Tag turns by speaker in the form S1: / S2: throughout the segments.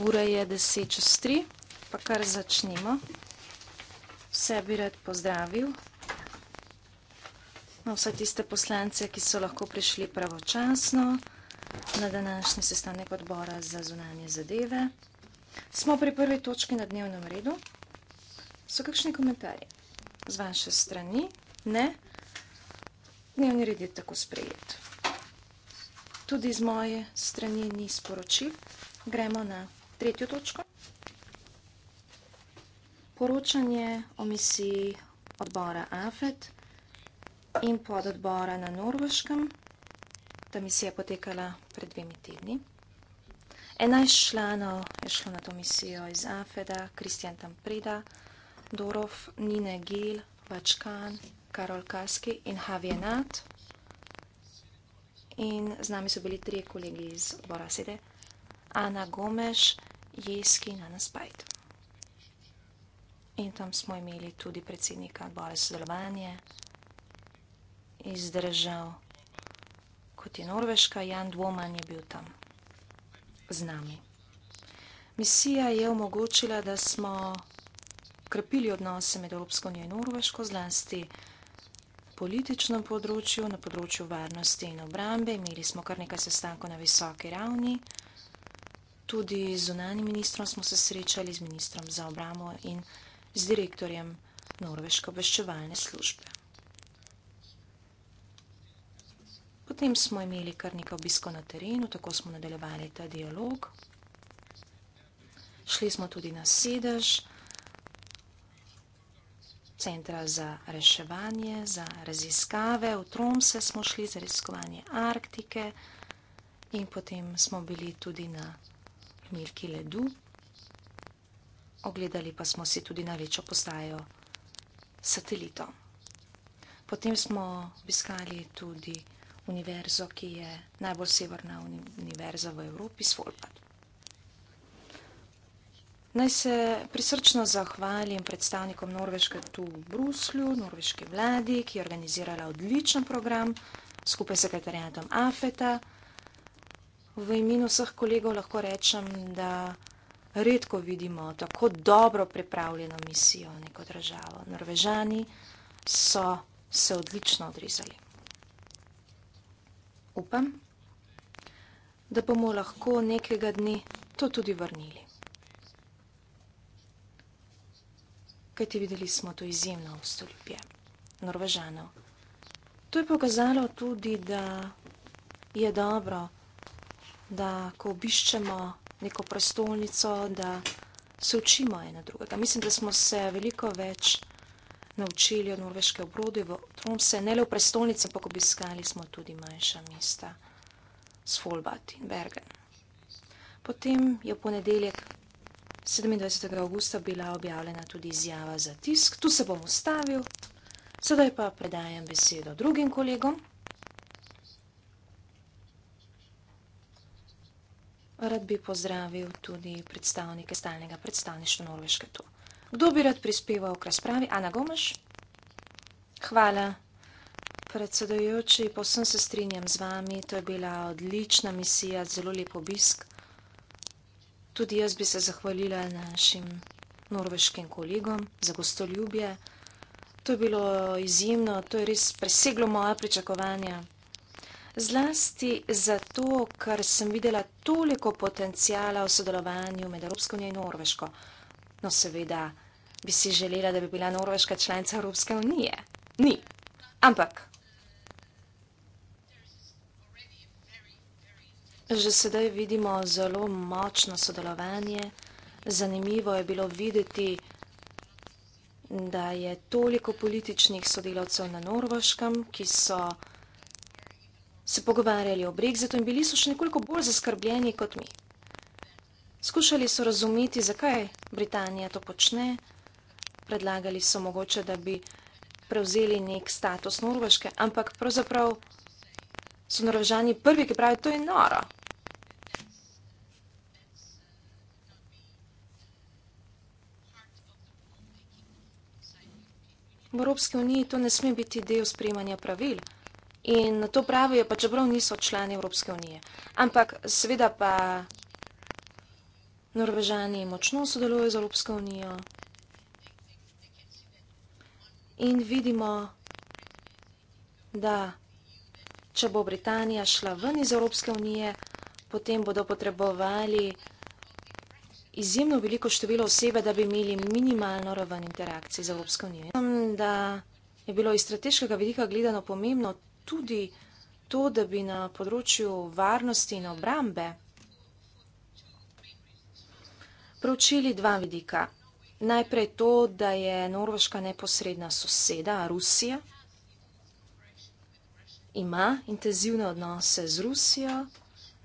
S1: Ura je deset čez tri, pa kar začnimo. Vse bi rad pozdravil. No, vse tiste poslance, ki so lahko prišli pravočasno na današnji sestanek odbora za zunanje zadeve. Smo pri prvi točki na dnevnem redu. So kakšni komentarji z vaše strani? Ne? Dnevni red je tako sprejeto tudi z moje strani ni sporočil. Gremo na tretjo točko. Poročanje o misiji odbora AFET in pododbora na Norveškem. Ta misija je potekala pred dvemi tedni. 11 članov je šlo na to misijo iz AFEDA, Kristjan Tampreda, Dorov, Nine Gil, Vačkan, Karol Kaski in Havienat in z nami so bili tri kolegi iz odbora sede, Ana Gomeš, Jeski in Ana Spajt. In tam smo imeli tudi predsednika odbora sodelovanje iz držav, kot je Norveška, Jan Dvoman je bil tam z nami. Misija je omogočila, da smo krepili odnose med Evropsko unijo in Norveško, zlasti političnem področju, na področju varnosti in obrambe. Imeli smo kar nekaj sestankov na visoki ravni. Tudi z zunanjim ministrom smo se srečali, z ministrom za obrambo in z direktorjem Norveške obveščevalne službe. Potem smo imeli kar nekaj obiskov na terenu, tako smo nadaljevali ta dialog. Šli smo tudi na sedež centra za reševanje, za raziskave, v Tromse smo šli za raziskovanje Arktike in potem smo bili tudi na Milki ledu. Ogledali pa smo si tudi največjo postajo satelito. Potem smo obiskali tudi univerzo, ki je najbolj severna univerza v Evropi, Svolbard. Naj se prisrčno zahvalim predstavnikom Norveške tu v Bruslju, norveški vladi, ki je organizirala odličen program skupaj s sekretarjatom AFETA. V imenu vseh kolegov lahko rečem, da redko vidimo tako dobro pripravljeno misijo v neko državo. Norvežani so se odlično odrezali. Upam, da bomo lahko nekega dne to tudi vrnili. kajti videli smo to izjemno ustoljubje Norvežanov. To je pokazalo tudi, da je dobro, da ko obiščemo neko prestolnico, da se učimo ena drugega. Mislim, da smo se veliko več naučili od norveške obrode v Tromse, ne le v prestolnice, ampak obiskali smo tudi manjša mesta Svolbat in Bergen. Potem je v ponedeljek 27. augusta bila objavljena tudi izjava za tisk, tu se bom ustavil, sedaj pa predajam besedo drugim kolegom. Rad bi pozdravil tudi predstavnike stalnega predstavništva Norveške tu. Kdo bi rad prispeval k razpravi? Ana Gomeš? Hvala, predsedojoči, povsem se strinjam z vami, to je bila odlična misija, zelo lep obisk. Tudi jaz bi se zahvalila našim norveškim kolegom za gostoljubje. To je bilo izjemno, to je res preseglo moje pričakovanja. Zlasti zato, ker sem videla toliko potencijala v sodelovanju med Evropsko unijo in Norveško. No, seveda, bi si želela, da bi bila Norveška članica Evropske unije. Ni. Ampak. Že sedaj vidimo zelo močno sodelovanje. Zanimivo je bilo videti, da je toliko političnih sodelavcev na Norveškem, ki so se pogovarjali o Brexitu in bili so še nekoliko bolj zaskrbljeni kot mi. Skušali so razumeti, zakaj Britanija to počne, predlagali so mogoče, da bi prevzeli nek status Norveške, ampak pravzaprav so Norvežani prvi, ki pravijo, to je noro. v Evropski uniji to ne sme biti del sprejemanja pravil. In to pravijo, pa čeprav niso člani Evropske unije. Ampak seveda pa Norvežani močno sodelujo z Evropsko unijo. In vidimo, da če bo Britanija šla ven iz Evropske unije, potem bodo potrebovali izjemno veliko število osebe, da bi imeli minimalno raven interakcij z Evropsko unijo. Mislim, da je bilo iz strateškega vidika gledano pomembno tudi to, da bi na področju varnosti in obrambe proučili dva vidika. Najprej to, da je Norveška neposredna soseda, Rusija, ima intenzivne odnose z Rusijo,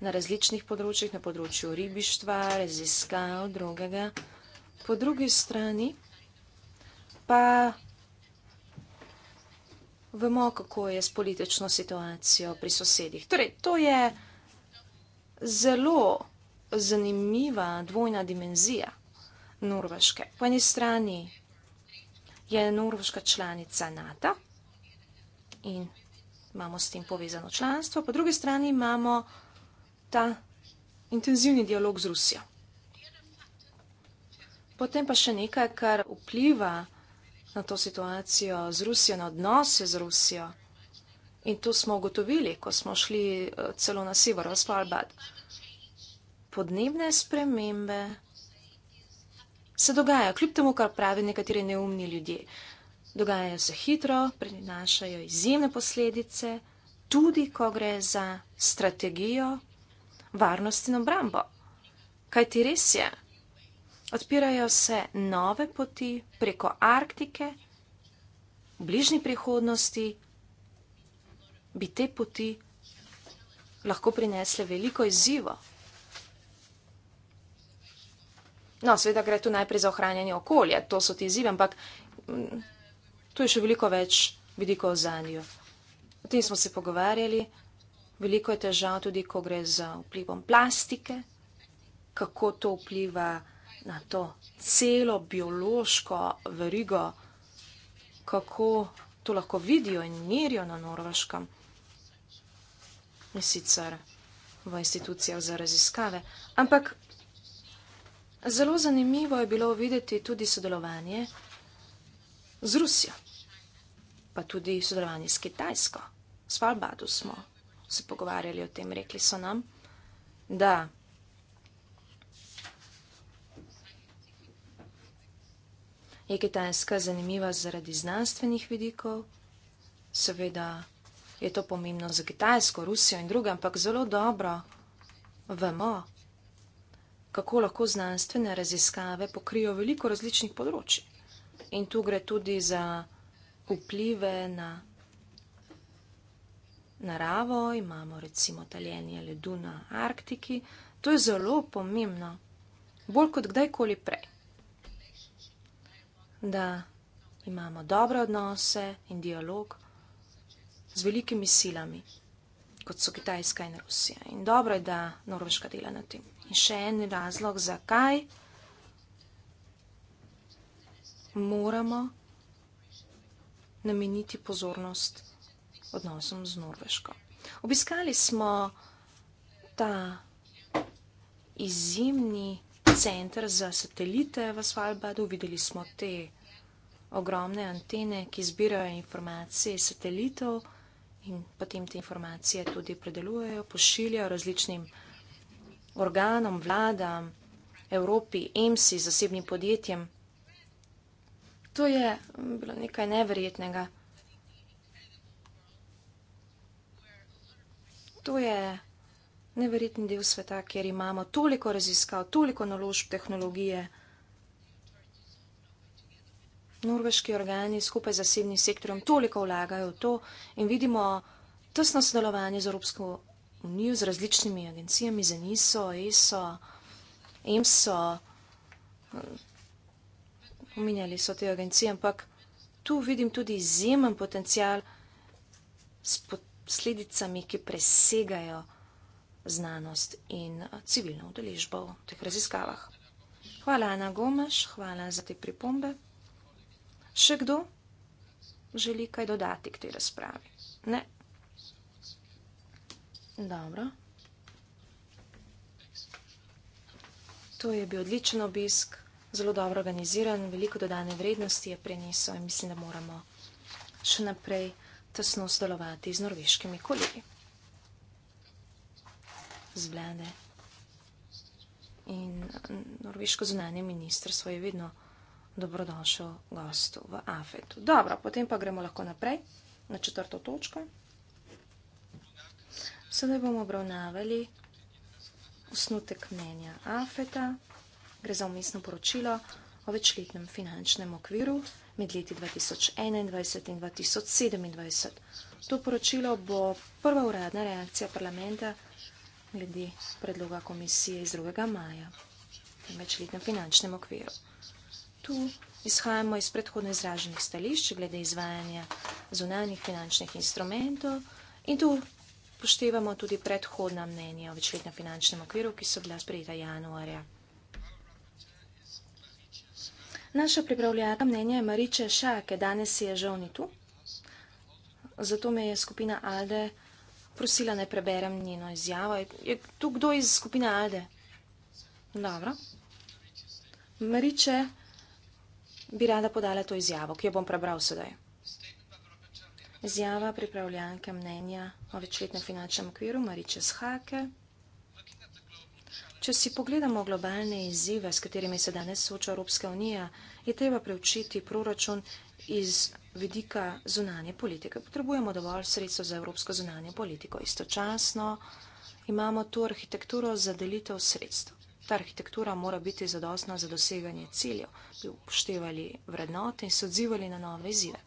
S1: na različnih področjih, na področju ribištva, raziskav, drugega. Po drugi strani pa vemo, kako je s politično situacijo pri sosedih. Torej, to je zelo zanimiva dvojna dimenzija Norveške. Po eni strani je Norveška članica NATO in imamo s tem povezano članstvo, po drugi strani imamo ta intenzivni dialog z Rusijo. Potem pa še nekaj, kar vpliva na to situacijo z Rusijo, na odnose z Rusijo. In to smo ugotovili, ko smo šli eh, celo na sever, v Svalbard. Podnebne spremembe se dogajajo, kljub temu, kar pravi nekateri neumni ljudje. Dogajajo se hitro, prinašajo izjemne posledice, tudi ko gre za strategijo varnost in obrambo. Kaj ti res je? Odpirajo se nove poti preko Arktike, v bližnji prihodnosti bi te poti lahko prinesle veliko izzivo. No, seveda gre tu najprej za ohranjanje okolja, to so ti izzivi, ampak mm, tu je še veliko več vidikov zanjo. O tem smo se pogovarjali. Veliko je težav tudi, ko gre za vplivom plastike, kako to vpliva na to celo biološko verigo, kako to lahko vidijo in merijo na norveškem in sicer v institucijah za raziskave. Ampak zelo zanimivo je bilo videti tudi sodelovanje z Rusijo, pa tudi sodelovanje s Kitajsko. Svalbadu smo se pogovarjali o tem, rekli so nam, da je Kitajska zanimiva zaradi znanstvenih vidikov, seveda je to pomembno za Kitajsko, Rusijo in druge, ampak zelo dobro vemo, kako lahko znanstvene raziskave pokrijo veliko različnih področji. In tu gre tudi za vplive na naravo, imamo recimo taljenje ledu na Arktiki. To je zelo pomembno, bolj kot kdajkoli prej. Da imamo dobre odnose in dialog z velikimi silami, kot so Kitajska in Rusija. In dobro je, da Norveška dela na tem. In še en razlog, zakaj moramo nameniti pozornost odnosom z Norveško. Obiskali smo ta izjemni center za satelite v Svalbadu, videli smo te ogromne antene, ki zbirajo informacije iz satelitov in potem te informacije tudi predelujejo, pošiljajo različnim organom, vladam, Evropi, EMSI, zasebnim podjetjem. To je bilo nekaj neverjetnega. To je neverjeten del sveta, kjer imamo toliko raziskav, toliko naložb tehnologije. Norveški organi skupaj z zasebnim sektorjem toliko vlagajo v to in vidimo tesno sodelovanje z Evropsko unijo, z različnimi agencijami, za NISO, ESO, EMSO. Omenjali so te agencije, ampak tu vidim tudi izjemen potencial. Spod posledicami, ki presegajo znanost in eh, civilno udeležbo v teh raziskavah. Hvala, Ana Gomeš, hvala za te pripombe. Še kdo želi kaj dodati k tej razpravi? Ne. Dobro. To je bil odličen obisk, zelo dobro organiziran, veliko dodane vrednosti je prenesel in mislim, da moramo še naprej tesno sodelovati z norveškimi kolegi, z vlade. In eh, norveško zunanje ministrstvo je vedno dobrodošel gostu v Afetu. Dobro, potem pa gremo lahko naprej na četrto točko. Sedaj bomo obravnavali osnutek mnenja Afeta. Gre za umestno poročilo o večletnem finančnem okviru med leti 2021 in 2027. To poročilo bo prva uradna reakcija parlamenta glede predloga komisije iz 2. maja o večletnem finančnem okviru. Tu izhajamo iz predhodno izraženih stališč glede izvajanja zunanjih finančnih instrumentov in tu poštevamo tudi predhodna mnenja o večletnem finančnem okviru, ki so bila sprejeta januarja. Naša pripravljata mnenja je Mariče Ša, ki danes je žal ni tu. Zato me je skupina Alde prosila, da preberem njeno izjavo. Je tu kdo iz skupine Alde? Dobro. Mariče bi rada podala to izjavo, ki jo bom prebral sedaj. Izjava pripravljanke mnenja o večletnem finančnem okviru Mariče Shake. Če si pogledamo globalne izzive, s katerimi se danes soča Evropska unija, je treba preučiti proračun iz vidika zunanje politike. Potrebujemo dovolj sredstva za evropsko zunanje politiko. Istočasno imamo tu arhitekturo za delitev sredstv. Ta arhitektura mora biti zadostna za doseganje ciljev, bi upoštevali vrednote in se odzivali na nove izzive.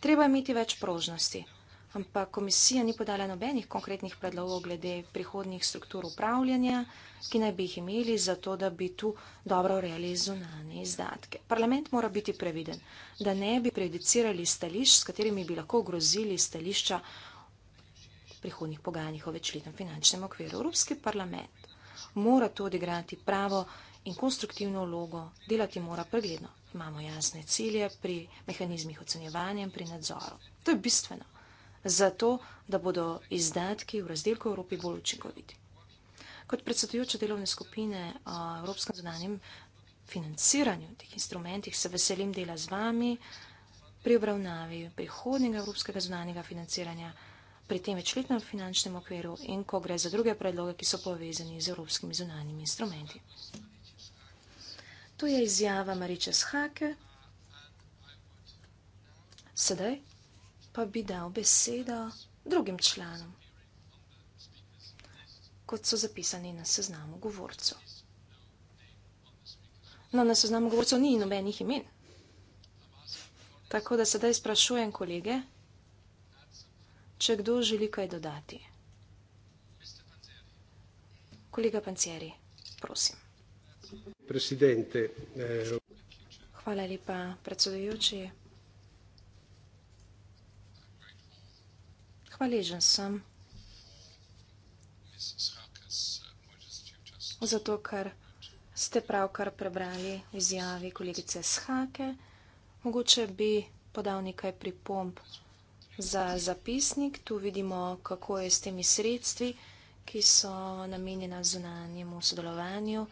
S1: Treba imeti več prožnosti ampak komisija ni podala nobenih konkretnih predlogov glede prihodnih struktur upravljanja, ki naj bi jih imeli za to, da bi tu dobro urejali zunanje izdatke. Parlament mora biti previden, da ne bi prejudicirali stališč, s katerimi bi lahko ogrozili stališča prihodnih pogajanjih o večletnem finančnem okviru. Evropski parlament mora to odigrati pravo in konstruktivno vlogo, delati mora pregledno. Imamo jasne cilje pri mehanizmih ocenjevanja in pri nadzoru. To je bistveno zato, da bodo izdatki v razdelku Evropi bolj učinkoviti. Kot predsedujoča delovne skupine o evropskem zadanjem financiranju teh instrumentih se veselim dela z vami pri obravnavi prihodnjega evropskega zadanjega financiranja, pri tem večletnem finančnem okviru in ko gre za druge predloge, ki so povezani z evropskimi zunanjimi instrumenti. To je izjava Mariče Schake. Sedaj pa bi dal besedo drugim članom, kot so zapisani na seznamu govorcev. No, na seznamu govorcev ni nobenih imen. Tako da sedaj sprašujem kolege, če kdo želi kaj dodati. Kolega Pancieri, prosim.
S2: Eh,
S1: Hvala lepa, predsedujoči. Hvaležen sem za to, kar ste pravkar prebrali v izjavi kolegice Schake. Mogoče bi podal nekaj pripomb za zapisnik. Tu vidimo, kako je s temi sredstvi, ki so namenjena zunanjemu sodelovanju.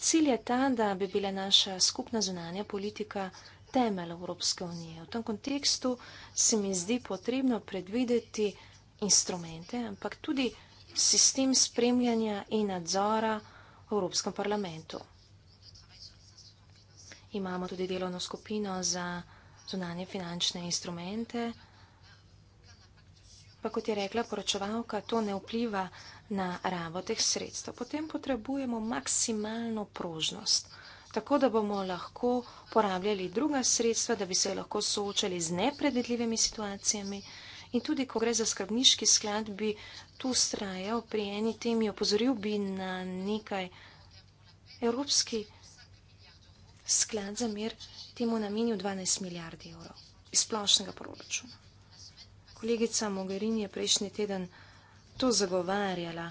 S1: Cilj je ta, da bi bila naša skupna zunanja politika temelj Evropske unije. V tem kontekstu se mi zdi potrebno predvideti instrumente, ampak tudi sistem spremljanja in nadzora v Evropskem parlamentu. Imamo tudi delovno skupino za zunanje finančne instrumente, pa kot je rekla poročevalka, to ne vpliva na rabo teh sredstev. Potem potrebujemo maksimalno prožnost tako da bomo lahko porabljali druga sredstva, da bi se lahko soočali z nepredvidljivimi situacijami. In tudi, ko gre za skrbniški sklad, bi tu strajal pri eni temi, opozoril bi na nekaj. Evropski sklad za mir temu namenil 12 milijard evrov iz splošnega proračuna. Kolegica Mogherini je prejšnji teden to zagovarjala.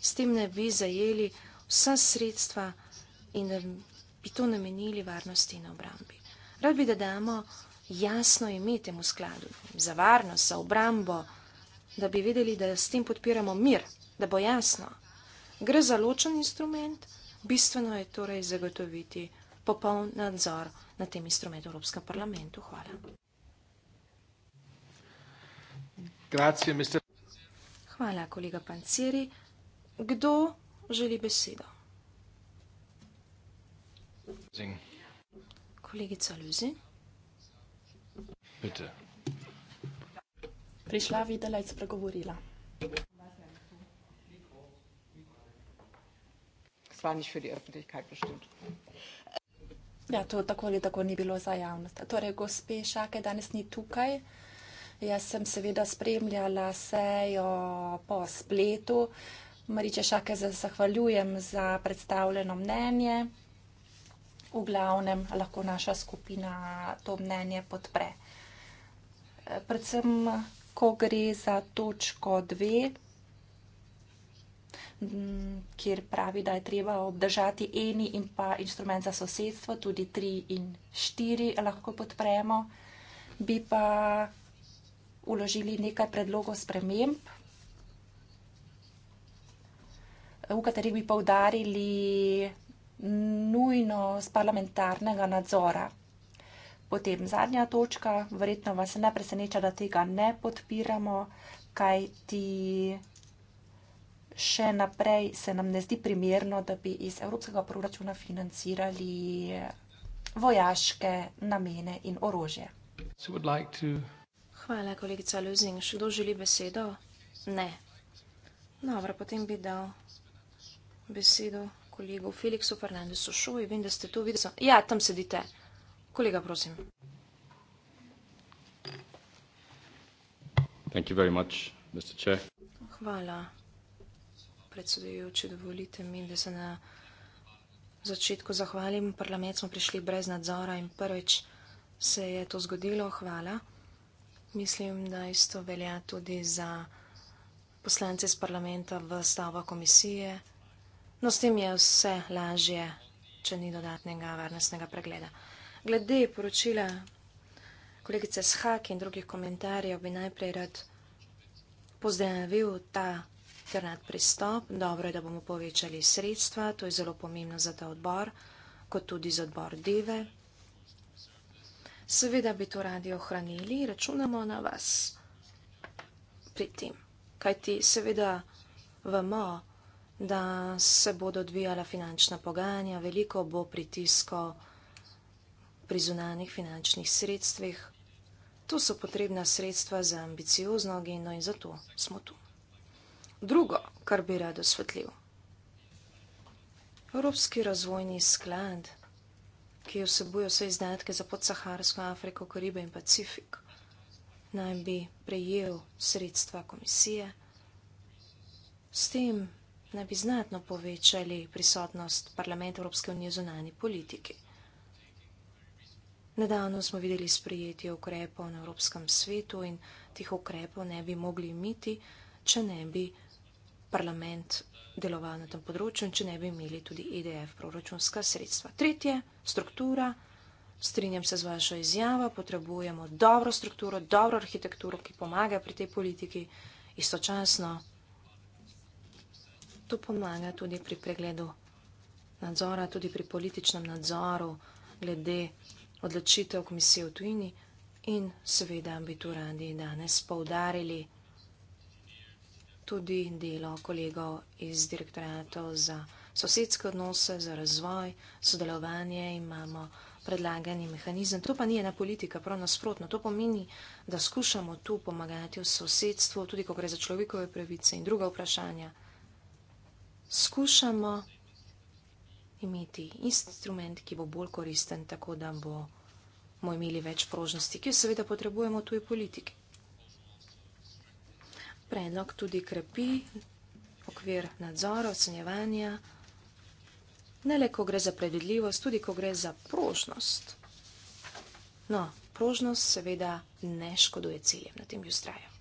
S1: S tem ne bi zajeli vsa sredstva in bi to namenili varnosti in obrambi. Rad bi, da damo jasno ime temu skladu za varnost, za obrambo, da bi vedeli, da s tem podpiramo mir, da bo jasno. Gre za ločen instrument, bistveno je torej zagotoviti popoln nadzor nad tem instrumentom Evropskem parlamentu. Hvala. Grazie, Hvala, kolega Panceri. Kdo želi besedo? Singen. Kollege Zalösi?
S2: Bitte. Prišla videla, je spregovorila. Ja, to tako ali tako ni bilo za javnost. Torej, gospe Šake danes ni tukaj. Jaz sem seveda spremljala sejo po spletu. Mariče Šake zahvaljujem za predstavljeno mnenje v glavnem lahko naša skupina to mnenje podpre. Predvsem, ko gre za točko dve, kjer pravi, da je treba obdržati eni in pa instrument za sosedstvo, tudi tri in štiri lahko podpremo, bi pa uložili nekaj predlogov sprememb, v katerih bi poudarili nujno z parlamentarnega nadzora. Potem zadnja točka, verjetno vas ne preseneča, da tega ne podpiramo, kaj ti še naprej se nam ne zdi primerno, da bi iz evropskega proračuna financirali vojaške namene in orožje. Hvala, kolegica Luzing. Še kdo želi
S1: besedo? Ne. Dobro, potem bi dal besedo kolegu Feliksu Fernandesu Šuji. Vem, da ste tu videli. Ja, tam sedite. Kolega, prosim.
S2: Thank you very much, Mr. Chair.
S1: Hvala, predsedujoči, dovolite mi, da se na začetku zahvalim. Parlament smo prišli brez nadzora in prvič se je to zgodilo. Hvala. Mislim, da isto velja tudi za poslance z parlamenta v stavo komisije. No, s tem je vse lažje, če ni dodatnega varnostnega pregleda. Glede poročila kolegice Shak in drugih komentarjev bi najprej rad pozdravil ta trnat pristop. Dobro je, da bomo povečali sredstva, to je zelo pomembno za ta odbor, kot tudi za odbor Dive. Seveda bi to radi ohranili, računamo na vas pri tem. Kajti seveda vemo, da se bodo odvijala finančna pogajanja, veliko bo pritisko pri zunanih finančnih sredstvih. Tu so potrebna sredstva za ambiciozno agendo in zato smo tu. Drugo, kar bi rad osvetljiv. Evropski razvojni sklad, ki vsebuje vse izdatke za podsaharsko Afriko, Karibe in Pacifik, naj bi prejel sredstva komisije. S tem naj bi znatno povečali prisotnost parlamenta Evropske unije v zunanji politiki. Nedavno smo videli sprejetje ukrepov na Evropskem svetu in tih ukrepov ne bi mogli imeti, če ne bi parlament deloval na tem področju in če ne bi imeli tudi EDF proračunska sredstva. Tretje, struktura. Strinjam se z vašo izjavo, potrebujemo dobro strukturo, dobro arhitekturo, ki pomaga pri tej politiki. Istočasno to pomaga tudi pri pregledu nadzora, tudi pri političnem nadzoru glede odločitev komisije v tujini in seveda bi tu radi danes povdarili tudi delo kolegov iz direktoratov za sosedske odnose, za razvoj, sodelovanje, imamo predlagani mehanizem. To pa ni ena politika, prav nasprotno. To pomeni, da skušamo tu pomagati v sosedstvu, tudi ko gre za človekove pravice in druga vprašanja skušamo imeti instrument, ki bo bolj koristen, tako da bomo imeli več prožnosti, ki jo seveda potrebujemo tuji politiki. Predlog tudi krepi okvir nadzora, ocenjevanja, ne le, ko gre za predvidljivost, tudi, ko gre za prožnost. No, prožnost seveda ne škoduje ciljem, na tem bi ustrajal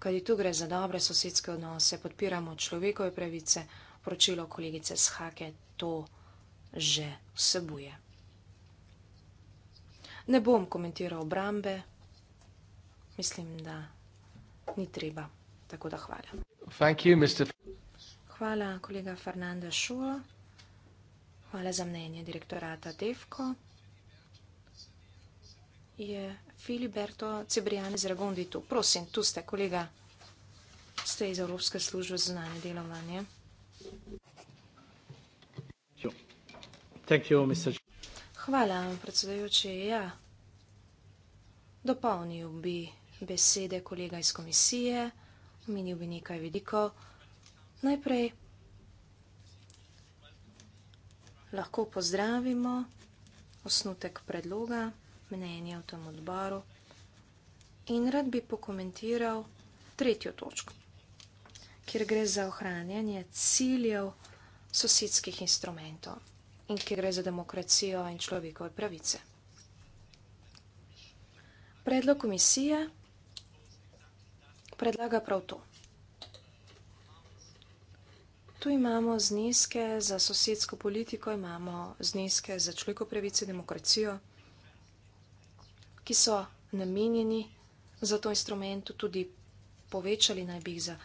S1: kajti tu gre za dobre sosedske odnose, podpiramo človekove pravice, poročilo kolegice Shake to že vsebuje. Ne bom komentiral obrambe, mislim, da ni treba, tako da hvala. You, hvala, kolega Fernanda Šul. Hvala za mnenje direktorata Devko. Je Filiberto Cebrijane z Ragonditu. Prosim, tu ste, kolega. Ste iz Evropske službe za znanje delovanje. Hvala, predsedajoči. Ja, dopolnil bi besede kolega iz komisije, omenil bi nekaj vidikov. Najprej lahko pozdravimo osnutek predloga mnenje v tem odboru. In rad bi pokomentiral tretjo točko, kjer gre za ohranjanje ciljev sosedskih instrumentov in kjer gre za demokracijo in človekove pravice. Predlog komisije predlaga prav to. Tu imamo zneske za sosedsko politiko, imamo zneske za človekove pravice in demokracijo ki so namenjeni za to instrumentu, tudi povečali naj bi jih za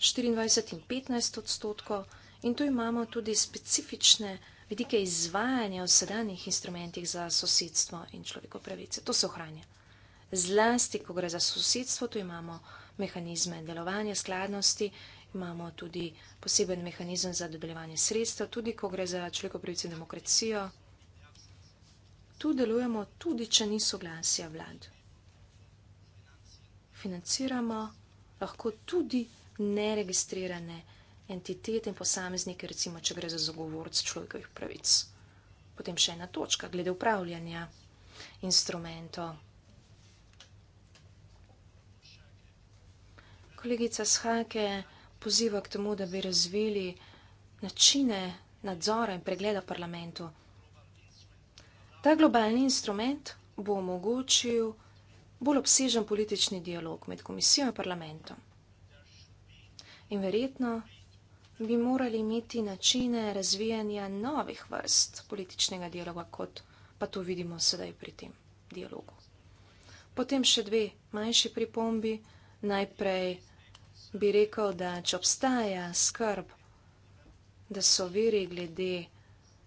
S1: 24 in 15 odstotkov. In tu imamo tudi specifične vidike izvajanja v sedanjih instrumentih za sosedstvo in človekov pravice. To se ohranja. Zlasti, ko gre za sosedstvo, tu imamo mehanizme delovanja skladnosti, imamo tudi poseben mehanizem za dobljevanje sredstva, tudi ko gre za človekov pravice in demokracijo, Tu delujemo tudi, če ni soglasja vlad. Financiramo lahko tudi neregistrirane entitete in posameznike, recimo, če gre za zagovorc človekovih pravic. Potem še ena točka glede upravljanja instrumentov. Kolegica Shake poziva k temu, da bi razvili načine nadzora in pregleda parlamentu. Ta globalni instrument bo omogočil bolj obsežen politični dialog med komisijo in parlamentom. In verjetno bi morali imeti načine razvijanja novih vrst političnega dialoga, kot pa to vidimo sedaj pri tem dialogu. Potem še dve manjši pripombi. Najprej bi rekel, da če obstaja skrb, da so veri glede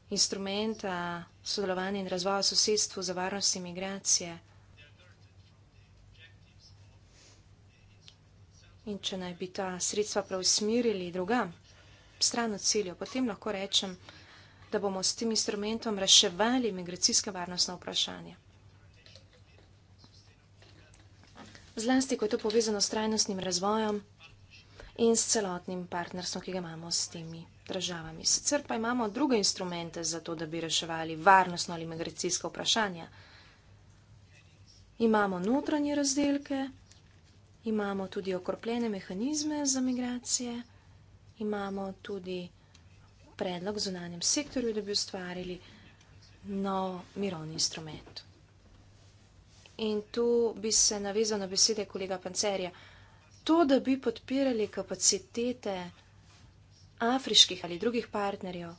S1: instrumenta sodelovanja in razvoja sosedstvu za varnost in migracije. In če naj bi ta sredstva preusmirili drugam, stran od ciljev, potem lahko rečem, da bomo s tem instrumentom reševali migracijske varnostne vprašanja. Zlasti, ko je to povezano s trajnostnim razvojem in s celotnim partnerstvom, ki ga imamo s temi državami. Sicer pa imamo druge instrumente za to, da bi reševali varnostno ali migracijsko vprašanje. Imamo notranje razdelke, imamo tudi okropljene mehanizme za migracije, imamo tudi predlog zunanjem sektorju, da bi ustvarili nov mirovni instrument. In tu bi se navezal na besede kolega Pancerja. To, da bi podpirali kapacitete afriških ali drugih partnerjev,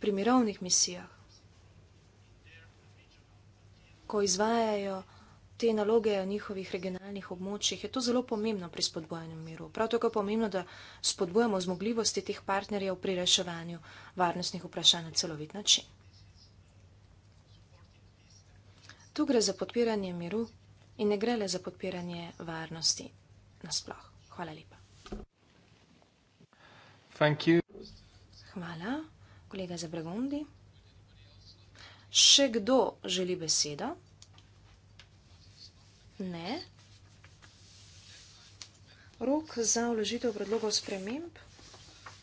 S1: pri mirovnih misijah, ko izvajajo te naloge v njihovih regionalnih območjih, je to zelo pomembno pri spodbujanju miru. Prav tako je pomembno, da spodbujamo zmogljivosti teh partnerjev pri reševanju varnostnih vprašanj na celovit način. Tu gre za podpiranje miru in ne gre le za podpiranje varnosti nasploh. Hvala lepa. Thank you. Hvala, kolega za Bregundi. Še kdo želi besedo? Ne. Rok za vložitev predlogov sprememb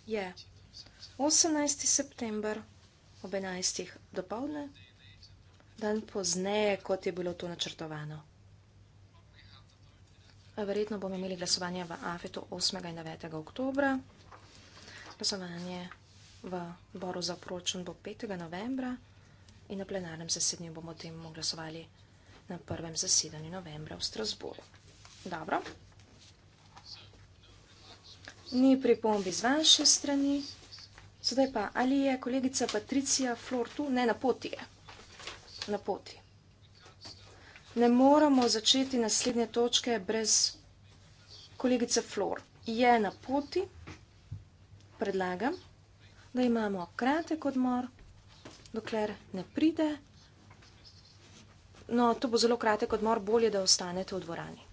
S1: je 18. september ob 11. dopoldne, dan pozneje, kot je bilo to načrtovano. Verjetno bomo imeli glasovanje v AFET-u 8. in 9. oktobra glasovanje v boru za proračun bo 5. novembra in na plenarnem zasedanju bomo o tem glasovali na prvem zasedanju novembra v Strasburu. Dobro. Ni pripombi z vaše strani. Sedaj pa, ali je kolegica Patricija Flor tu? Ne, na poti je. Na poti. Ne moramo začeti naslednje točke brez kolegice Flor. Je na poti predlagam, da imamo kratek odmor, dokler ne pride. No, to bo zelo kratek odmor, bolje, da ostanete v dvorani.